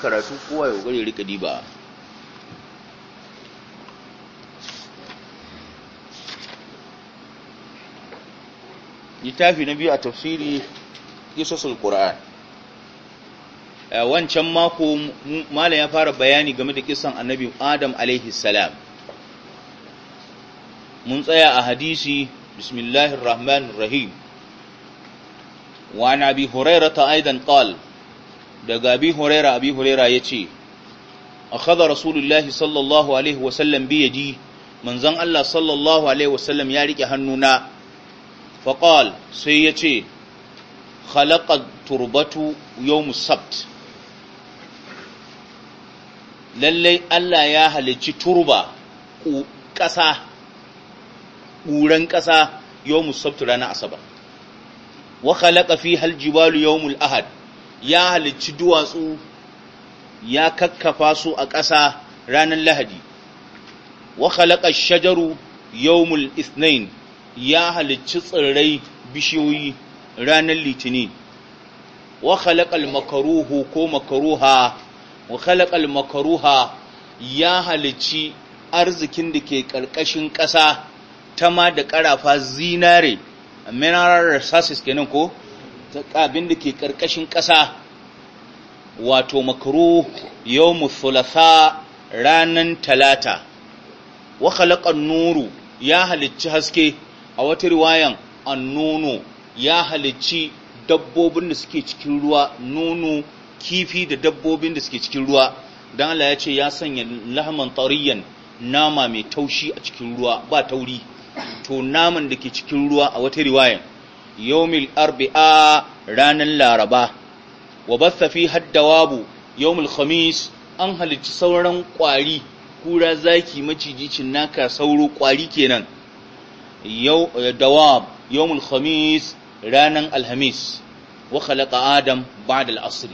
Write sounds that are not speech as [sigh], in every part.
karatu littafi na biyu a tafsiri kisosul ƙura'an wancan mako malam ya fara bayani game da kisan annabi adam alaihi salam mun tsaya a hadisi bismillahirrahmanirrahim rahim وعن أبي هريرة أيضا قال دقى أبي هريرة أبي هريرة يتي أخذ رسول الله صلى الله عليه وسلم بيدي من زن الله صلى الله عليه وسلم يارك هنونا فقال سيتي خلق التربة يوم السبت lallai Allah ya halicci turba ƙasa ƙuran ƙasa yau musabtu ranar asabar wa khalaqa fiha yawm al ahad ya halicci duwatsu ya kakkafa su a ƙasa ranar lahadi wa khalaqa shajaru al ithnain ya halicci tsirrai bishiyoyi ranar litinin wa khalaqa makaruhu ko makaruha wa khalaqa makaruha ya halicci arzikin da ke ƙarƙashin ƙasa tama da ƙarafa zinare mineral resources kenan ko abin da ke karkashin ƙasa wato makaru yau musulasa ranan talata wa khalaqan nuru ya halicci haske a wata riwayan annono ya halicci dabbobin da suke cikin ruwa nono kifi da dabbobin da suke cikin ruwa don Allah ya ce ya sanya lahaman tsariyan nama mai taushi a cikin ruwa ba tauri to naman da ke cikin ruwa a wata riwayan yawmil arba'a ranar laraba wa batha fi haddawabu yawmil khamis an halicci sauran kwari kura zaki maciji naka sauro kwari kenan yau eh, dawab yawmul khamis ranan alhamis wa khalaqa adam ba'da al'asr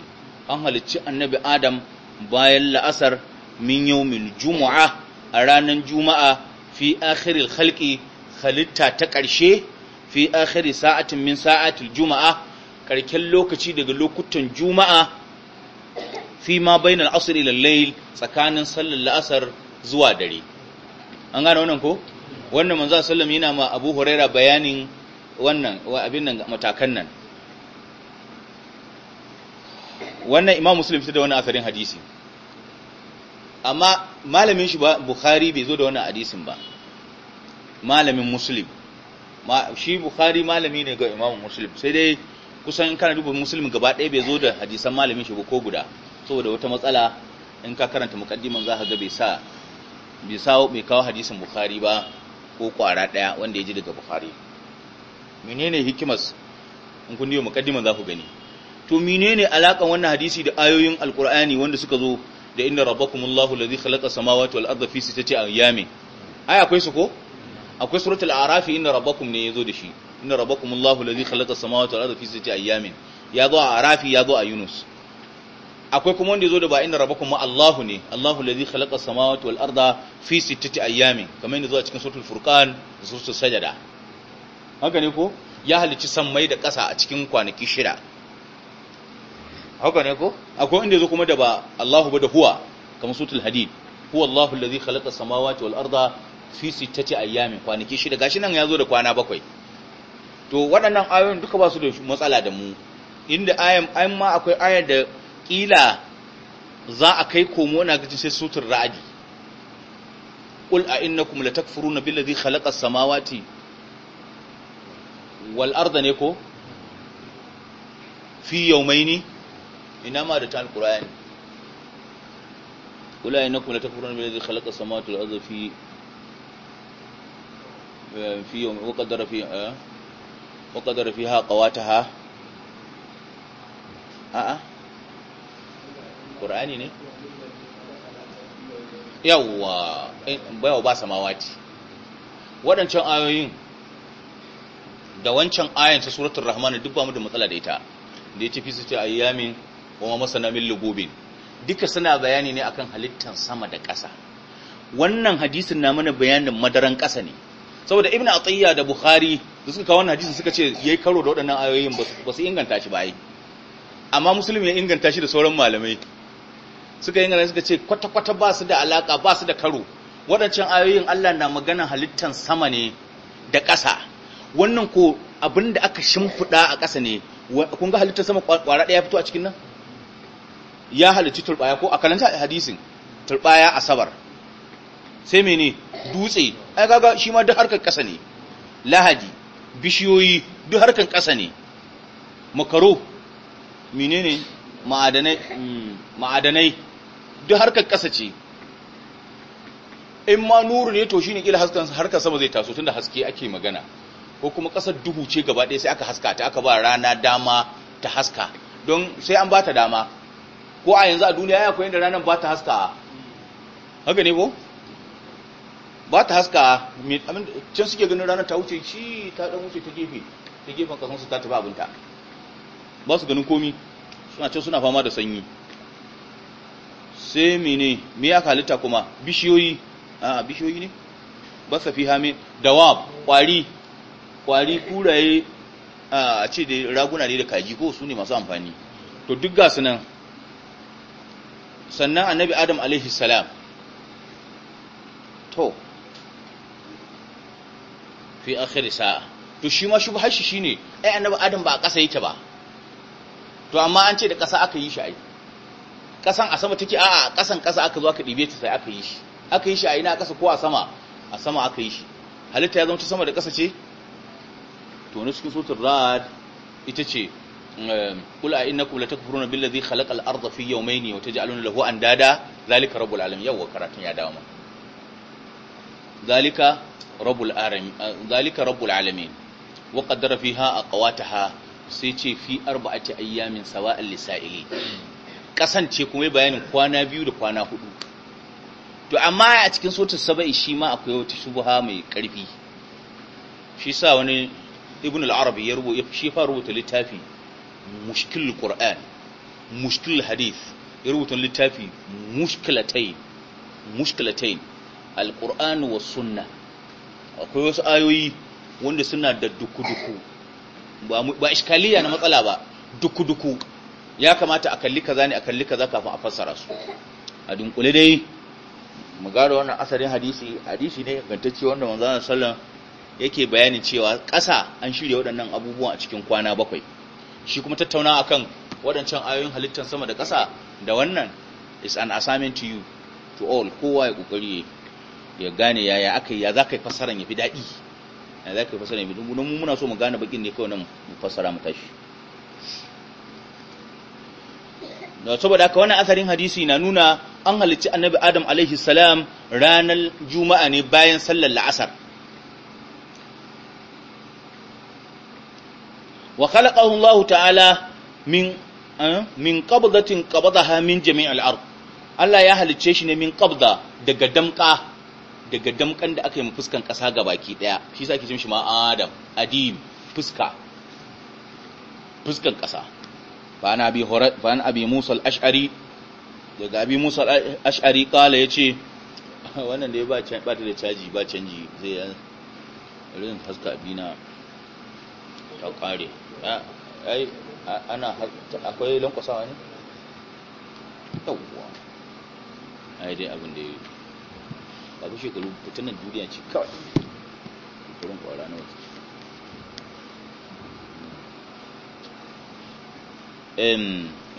an halicci annabi adam bayan la'asar min yawmil jumu'ah a ranan juma'a fi akhiril khalqi halitta ta ƙarshe fi akhiri sa'atin min sa'atil juma'a karken lokaci daga lokutan juma'a fi ma bainal asr ila layl tsakanin sallar la'asar zuwa dare an gane wannan ko wannan manzo sallam yana ma Abu Huraira bayanin wannan wa abin nan matakan nan wannan Imam Muslim fitar da wannan asarin hadisi amma malamin shi ba Bukhari bai zo da wannan hadisin ba malamin muslim shi bukhari malami ne ga imamu muslim sai dai kusan in kana duba muslim gaba ɗaya bai zo da hadisan malamin shi ba ko guda saboda wata matsala in ka karanta muqaddiman za ka ga bai sa bai sa bai kawo hadisin bukhari ba ko kwara ɗaya wanda ya ji daga bukhari menene hikimas in kun diyo muqaddiman za ku gani to menene alakan wannan hadisi da ayoyin alqur'ani wanda suka zo da inna rabbakumullahu allazi khalaqa samawati wal arda fi sittati ayyamin ai akwai su ko akwai suratul arafi inna rabbakum ne yazo da shi inna rabbakum allahu allazi khalaqa samawati wal arda fi sittati ayamin yazo a arafi yazo a yunus akwai kuma wanda yazo da ba inna rabbakum ma allahu ne allahu allazi khalaqa samawati wal arda fi sittati ayamin kamar yadda zo a cikin suratul furqan suratul sajada haka ne ko ya halicci sammai da ƙasa a cikin kwanaki shida haka ne ko akwai wanda yazo kuma da ba allahu ba da huwa kamar suratul hadid huwa allahu allazi khalaqa samawati wal arda fi sittati ayyamin kwanaki shida gashi nan ya zo da kwana bakwai to waɗannan ayoyin duka ba su da matsala da mu inda ayan ayan ma akwai ayar da kila za a kai komo na gaji sai sutur ra'adi qul a innakum latakfuruna billazi khalaqa as-samawati wal arda ne ko fi yawmaini ina ma da ta alqur'ani qul a innakum latakfuruna billazi khalaqa samawati wal arda fi في يوم وقدر في وقدر فيها قواتها a'a ƙur'ani ne yawwa bayawa ba wati waɗancan ayoyin da wancan ayan ta suratul rahman duk ba mu da matsala da ita da yace fi sita ayyamin kuma masana min lugubin duka suna bayani ne akan halittan sama da ƙasa wannan hadisin na mana bayanin madaran ƙasa ne saboda ibn atiyya da bukhari da suka kawo wannan hadisi suka ce yayi karo da waɗannan ayoyin ba su inganta shi ba ai amma muslim ya inganta shi da sauran malamai suka inganta suka ce kwata kwata ba su da alaka ba su da karo waɗancan ayoyin Allah na magana halittan sama ne da ƙasa wannan ko abin da aka shimfiɗa a ƙasa ne kun ga halittar sama ƙwara ɗaya fito a cikin nan ya halicci turɓaya ko a kalanta hadisin turɓaya asabar sai mene dutse ai kaga shi ma duk harkar ƙasa ne lahadi bishiyoyi duk harkar ƙasa ne makaro menene ma'adanai hmm, ma'adanai duk harkar ƙasa ce in ma nuru ne to shine kila haskan harkar sama zai taso tunda haske ake magana ko kuma ƙasar duhu ce gaba ɗaya sai aka haska ta aka ba rana dama ta haska don sai an ba ta dama ko a yanzu a duniya ya koyi da ranar ba ta haska haka ne ko ba ta haska can suke ganin ranar ta wuce ci ta dan wuce ta gefe ta gefen kasan su ta tafi abinta ba su ganin komi suna can suna fama da sanyi sai mene me ya kalita kuma bishiyoyi a bishiyoyi ne ba sa fi hame dawab kwari kwari kuraye a ce da raguna ne da kaji ko su ne masu amfani to duk gasu nan sannan annabi adam alaihi salam to fi akhir sa'a to shi ma shubhar shi shine ai annabi adam ba a ƙasa yake ba to amma an ce da ƙasa aka yi shi ai ƙasan a sama take a'a ƙasan ƙasa aka zo aka dibe ta sai aka yi shi aka yi shi a ina ƙasa ko a sama a sama aka yi shi halitta ya zama ta sama da ƙasa ce to ne cikin sutur rad ita ce ehm, qul a innakum latakfuruna billazi khalaqal arda fi yawmayni wa taj'aluna lahu andada zalika rabbul alamin yawa karatun ya dawo mana zalika rabbul alamin wa kaddara fi ha a kawata ha sai ce fi ce ayyamin sawa'al lisa'ili kasance kuma bayanin kwana biyu da kwana hudu to amma a cikin sotar saba'i shi ma akwai wata shubha mai karfi shi sa wani ibn al ya rubuta shi fa rubuta littafi mushkil qur'an mushkil hadith ya rubuta littafi mushkilatain mushkilatain alƙur'ani wa sunna akwai wasu ayoyi wanda suna da duku-duku ba iskaliya na matsala ba duku-duku ya kamata a kalli kaza ne a kalli kaza kafin a fassara su a dunkule dai mu gara wannan asarin hadisi hadisi ne gantacce wanda manzon sallallahu yake bayanin cewa ƙasa an shirya waɗannan abubuwan a cikin kwana bakwai shi kuma tattauna akan waɗancan ayoyin halittar sama da ƙasa da wannan is an assignment to you to all kowa ya ƙoƙari ya gane yaya aka ya za ka yi fassaran ya fi daɗi ya za ka yi fassaran ya fi dubu mun muna so mu gane bakin ne kawai nan mu fassara mu tashi da saboda haka wannan asarin hadisi na nuna an halicci annabi adam alaihi salam ranar juma'a ne bayan sallar la'asar wa khalaqahu Allah ta'ala min min qabdatin qabadaha min jami'il ard Allah ya halicce shi ne min qabda daga damka daga damkan da aka yi fuskan kasa ga baki daya shi sa ake cin shi ma adam adim fuska fuskan kasa Ba na abi horat na musa al-ash'ari daga abi musa al-ash'ari kala yace [laughs] wannan da ya ba can ba ta da caji ba canji zai rin haska abina ta kare ai ana akwai lankwasawa ne yawwa ai dai abin da ya yi kaga shekaru fitinan duniya ce kawai shekarun kwara na wata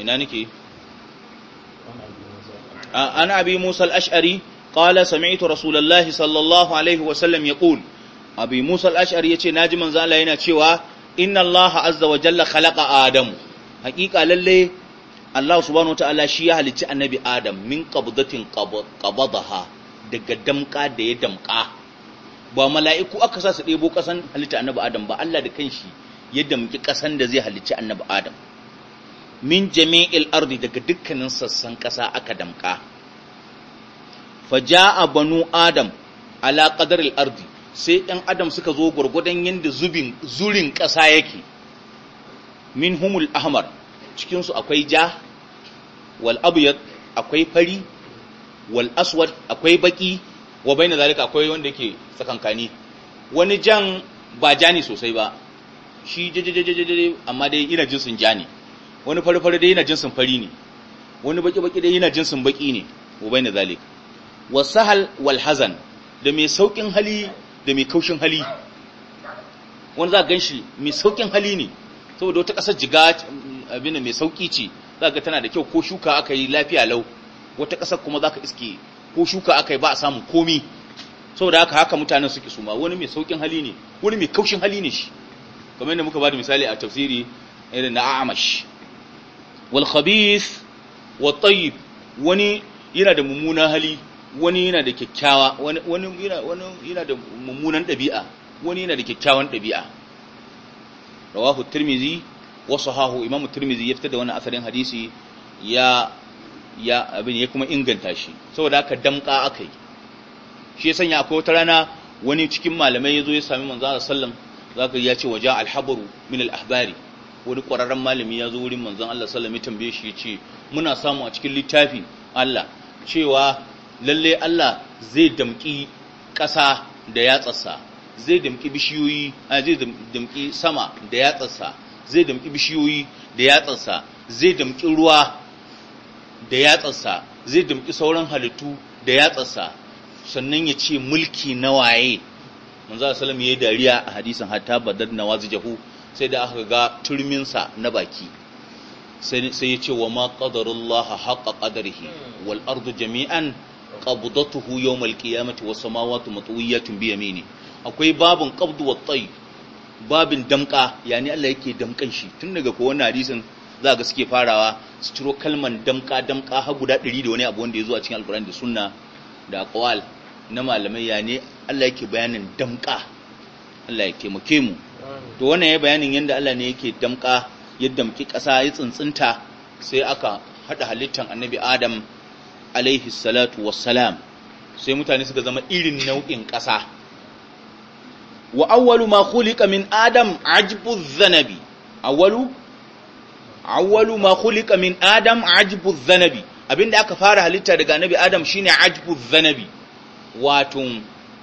ina nake an abi musa al-ash'ari qala sami'tu Rasulallah, sallallahu alaihi wa sallam yaqul abi musa al-ash'ari ce, na ji Allah yana cewa inna allaha azza wa jalla khalaqa Adamu. haqiqa lalle Allahu subhanahu wa ta'ala shi ya halicci annabi Adam min qabdatin qabadaha daga damƙa da ya damƙa ba mala'iku aka sa su ɗebo ƙasan halitta annabi adam ba Allah da kanshi ya damƙi ƙasan da zai halicci annabi adam min jami'il ardi daga dukkanin sassan ƙasa aka damƙa damka a banu adam ala qadaril sai ɗan adam suka zo gwargwadon yadda zubin zurin ƙasa yake min humul ahmar cikinsu akwai ja wal abyad akwai fari wal aswad akwai baki wa bayna zalika akwai wanda yake sakankani wani jan ba jani sosai ba shi jajajajajaje amma dai ina jinsin ja ne wani fari-fari dai yana jinsin fari ne wani baki-baki dai yana jinsin baki ne wa bayna zalika wasahal wal hazan da mai saukin hali da mai kaushin hali wani za gan shi mai saukin hali ne saboda wata ƙasar jiga abin mai sauki ce za ga tana da kyau ko shuka aka yi lafiya lau wata ƙasar kuma za ka iske ko shuka aka yi ba a samun komi saboda haka haka mutanen suke su ma wani mai saukin hali ne wani mai kaushin hali ne shi kamar yadda muka ba da misali a tafsiri irin na amash wal khabith wa tayyib wani yana da mummunan hali wani yana da kyakkyawa wani yana da mummunan ɗabi'a wani yana da kyakkyawan ɗabi'a rawahu Turmizi wasu hahu imamu Turmizi ya fitar da wani asarin hadisi ya ya abin ya kuma inganta shi saboda haka damƙa akai shi ya sanya akwai wata rana wani cikin malamai ya zo ya sami manzo Allah sallam zaka ya ce waja alhabaru min alahbari wani ƙwararren malami ya zo wurin manzo Allah wasallam ya tambaye shi ya ce muna samu a cikin littafi Allah cewa lalle Allah zai damƙi ƙasa da yatsarsa zai damƙi bishiyoyi a zai damƙi sama da yatsarsa zai damƙi bishiyoyi da yatsarsa zai damƙi ruwa da yatsarsa zai dumki sauran halittu da yatsarsa sannan ya ce mulki na waye manzo sallam yayi dariya a hadisin hatta badad jahu sai da aka ga turminsa na baki sai ya ce wa ma qadarullah haqa qadarihi wal ardu jami'an qabdatuhu al qiyamati was samawati matwiyatun bi yamini akwai babun qabdu wat tay babin damka yani Allah yake damkan shi tun daga ko wannan hadisin za ga suke farawa su ciro kalman damka damka har guda ɗari da wani abu wanda ya zo a cikin alkur'ani da sunna da aqwal na malamai ya ne Allah yake bayanin damka Allah ya taimake mu to wannan ya bayanin yadda Allah ne yake damka ya damki ƙasa ya tsintsinta sai aka haɗa halittan annabi Adam alaihi salatu wassalam sai mutane suka zama irin nau'in ƙasa wa awwalu ma khuliqa min adam ajbu dhanabi awwalu awwalu ma khuliqa min adam ajbu dhanabi abinda aka fara halitta daga nabi adam shine ajbu dhanabi wato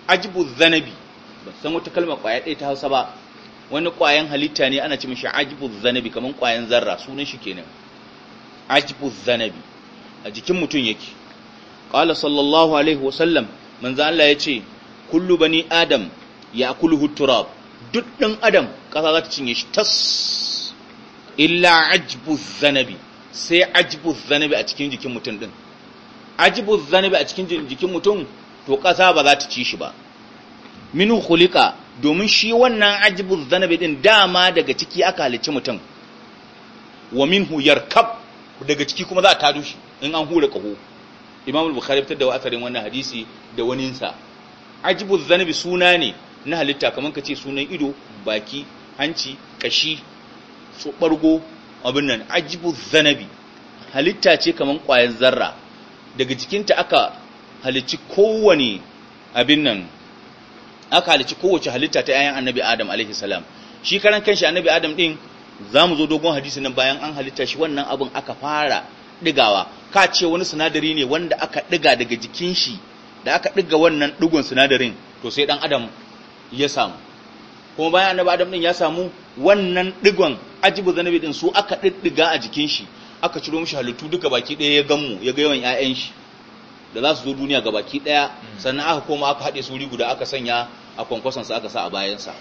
ajbu dhanabi ba san wata kalma kwaya ɗaya ta Hausa ba wani kwayan halitta ne ana ce mishi ajbu dhanabi kaman kwayan zarra sunan shi kenan ajbu dhanabi a jikin mutum yake qala sallallahu alaihi wa sallam manzo Allah yace kullu bani adam ya kulu turab duk ɗan adam kasa za ta cinye shi tas illa ajbu zanabi sai ajbu zanabi a cikin jikin mutum din ajbu zanabi a cikin jikin mutum to kasa ba za ta ci shi ba minu khuliqa domin shi wannan ajbu zanabi din dama daga ciki aka halice mutum wa minhu yarkab daga ciki kuma za a tado shi in an hura kaho imam al-bukhari fitar da asarin wannan hadisi da waninsa ajibu zanabi suna ne na halitta kamar ka ce sunan ido baki hanci kashi so ɓargo abin nan ajibu zanabi halitta ce kamar ƙwayar zarra daga jikinta aka halicci kowane abin nan aka halicci kowace halitta ta yayan annabi adam alaihi salam shi karan kanshi annabi adam ɗin za mu zo dogon hadisi nan bayan an halitta shi wannan abin aka fara ɗigawa ka ce wani sinadari ne wanda aka ɗiga daga jikin shi da aka ɗiga wannan ɗigon sinadarin to sai ɗan adam ya samu kuma bayan annabi adam ɗin ya samu wannan ɗigon ajibu zanabi din su aka diddiga a jikin shi aka ciro mishi halittu duka baki daya ya gamu ya ga yawan ƴaƴan shi da za su zo duniya ga baki daya sannan aka koma aka haɗe su wuri guda aka sanya a kwankwason sa aka sa a bayan sa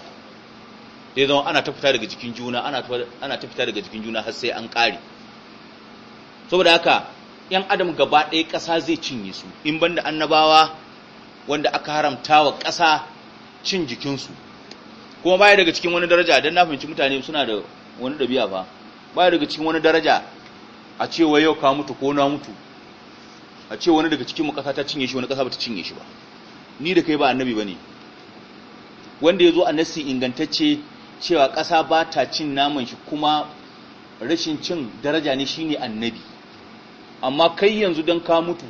dai zama ana ta fita daga jikin juna ana ana ta fita daga jikin juna har sai an kare saboda haka yan adam gaba daya ƙasa zai cinye su in banda annabawa wanda aka haramta wa ƙasa cin jikinsu kuma baya daga cikin wani daraja don na fahimci mutane suna da wani ɗabi'a ba ba daga cikin wani daraja a ce wa yau ka mutu ko na mutu a ce wani daga cikin makasa ƙasa ta cinye shi wani ƙasa ba ta cinye shi ba ni da kai ba annabi ba ne wanda ya zo a nasi ingantacce cewa ƙasa ba ta cin naman shi kuma rashin cin daraja ne shi ne annabi amma kai yanzu don ka mutu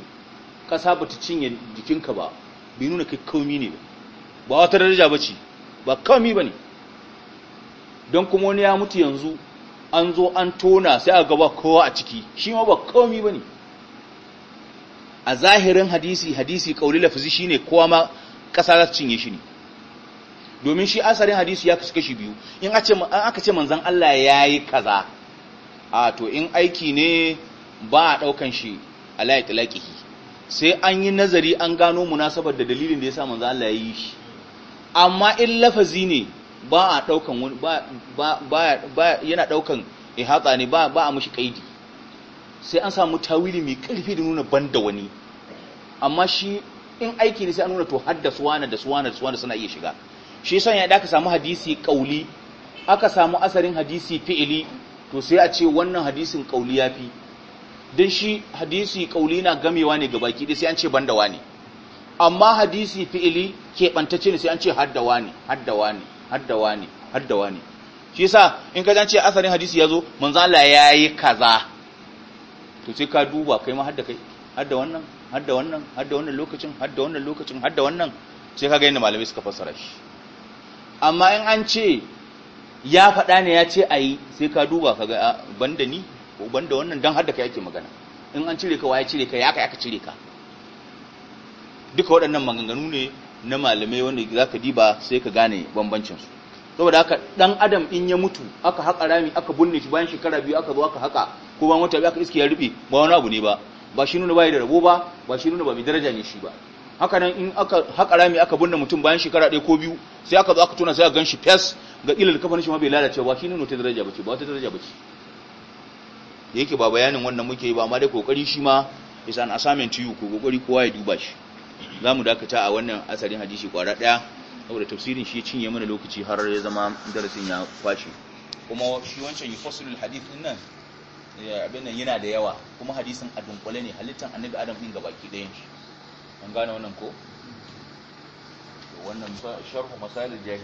ƙasa ba ta cinye jikinka ba bai nuna kai kaumi ne ba ba wata daraja ba ce ba kaumi ba ne don kuma wani ya mutu yanzu an zo an tona sai a gaba kowa a ciki shi ma ba komi ba ne a zahirin hadisi hadisi ƙauri lafizi shi ne kowa ma ƙasa za cinye shi ne domin shi asarin hadisi ya kasu kashi biyu in aka ce manzan Allah ya yi kaza a to in aiki ne ba a ɗaukan shi a layi sai an yi nazari an gano munasabar da dalilin da ya sa manzan Allah ya yi shi amma in lafazi ne ba a daukan ba ba yana daukan ihata ne ba ba a mushi kaidi sai an samu tawili mai karfi da nuna banda wani amma shi in aiki ne sai an nuna to hadda suwana da suwana da suwana suna iya shiga shi yasa ya da aka samu hadisi kauli aka samu asarin hadisi fi'ili to sai a ce wannan hadisin kauli yafi dan shi hadisi kauli na gamewa ne gabaki dai sai an ce banda wani amma hadisi fi'ili ke keɓantacce ne sai an ce haddawa ne haddawa ne haddawa ne haddawa shi yasa in ka ce asarin hadisi yazo manzo Allah yayi kaza to sai ka duba kai ma hadda kai hadda wannan hadda wannan hadda wannan lokacin hadda wannan lokacin hadda wannan sai ka ga yadda malamai suka fassara shi amma in an ce ya faɗa ne ya ce ayi sai ka duba ka ga banda ni ko banda wannan dan hadda kai ake magana in an cire ka waye cire ka ya kai aka cire ka duka waɗannan maganganu ne na malamai wanda za ka diba sai ka gane bambancinsu saboda haka ɗan adam in ya mutu aka haƙa rami aka binne shi bayan shekara biyu aka zo aka haƙa ko ba wata aka iske ya rufe ba wani abu ne ba ba shi nuna bai da rabo ba ba shi nuna ba mai daraja ne shi ba haka nan in aka haƙa rami aka binne mutum bayan shekara ɗaya ko biyu sai aka zo aka tona sai a gan shi fes ga ilil na shi ma bai lalace ba shi nuna wata daraja ba ce ba wata daraja ba ce da yake ba bayanin wannan muke yi ba amma dai kokari shi ma is an assignment to you ko kokari kowa ya duba shi za mu dakata a wannan asarin hadisi kwara ɗaya saboda tafsirin shi cinye mana lokaci har ya zama darasin ya kwashe kuma shi wancan yufasilul hadith din nan abin nan yana da yawa kuma hadisin a ne halittar annabi adam din gabaki ɗayan shi an gane wannan ko wannan sharhu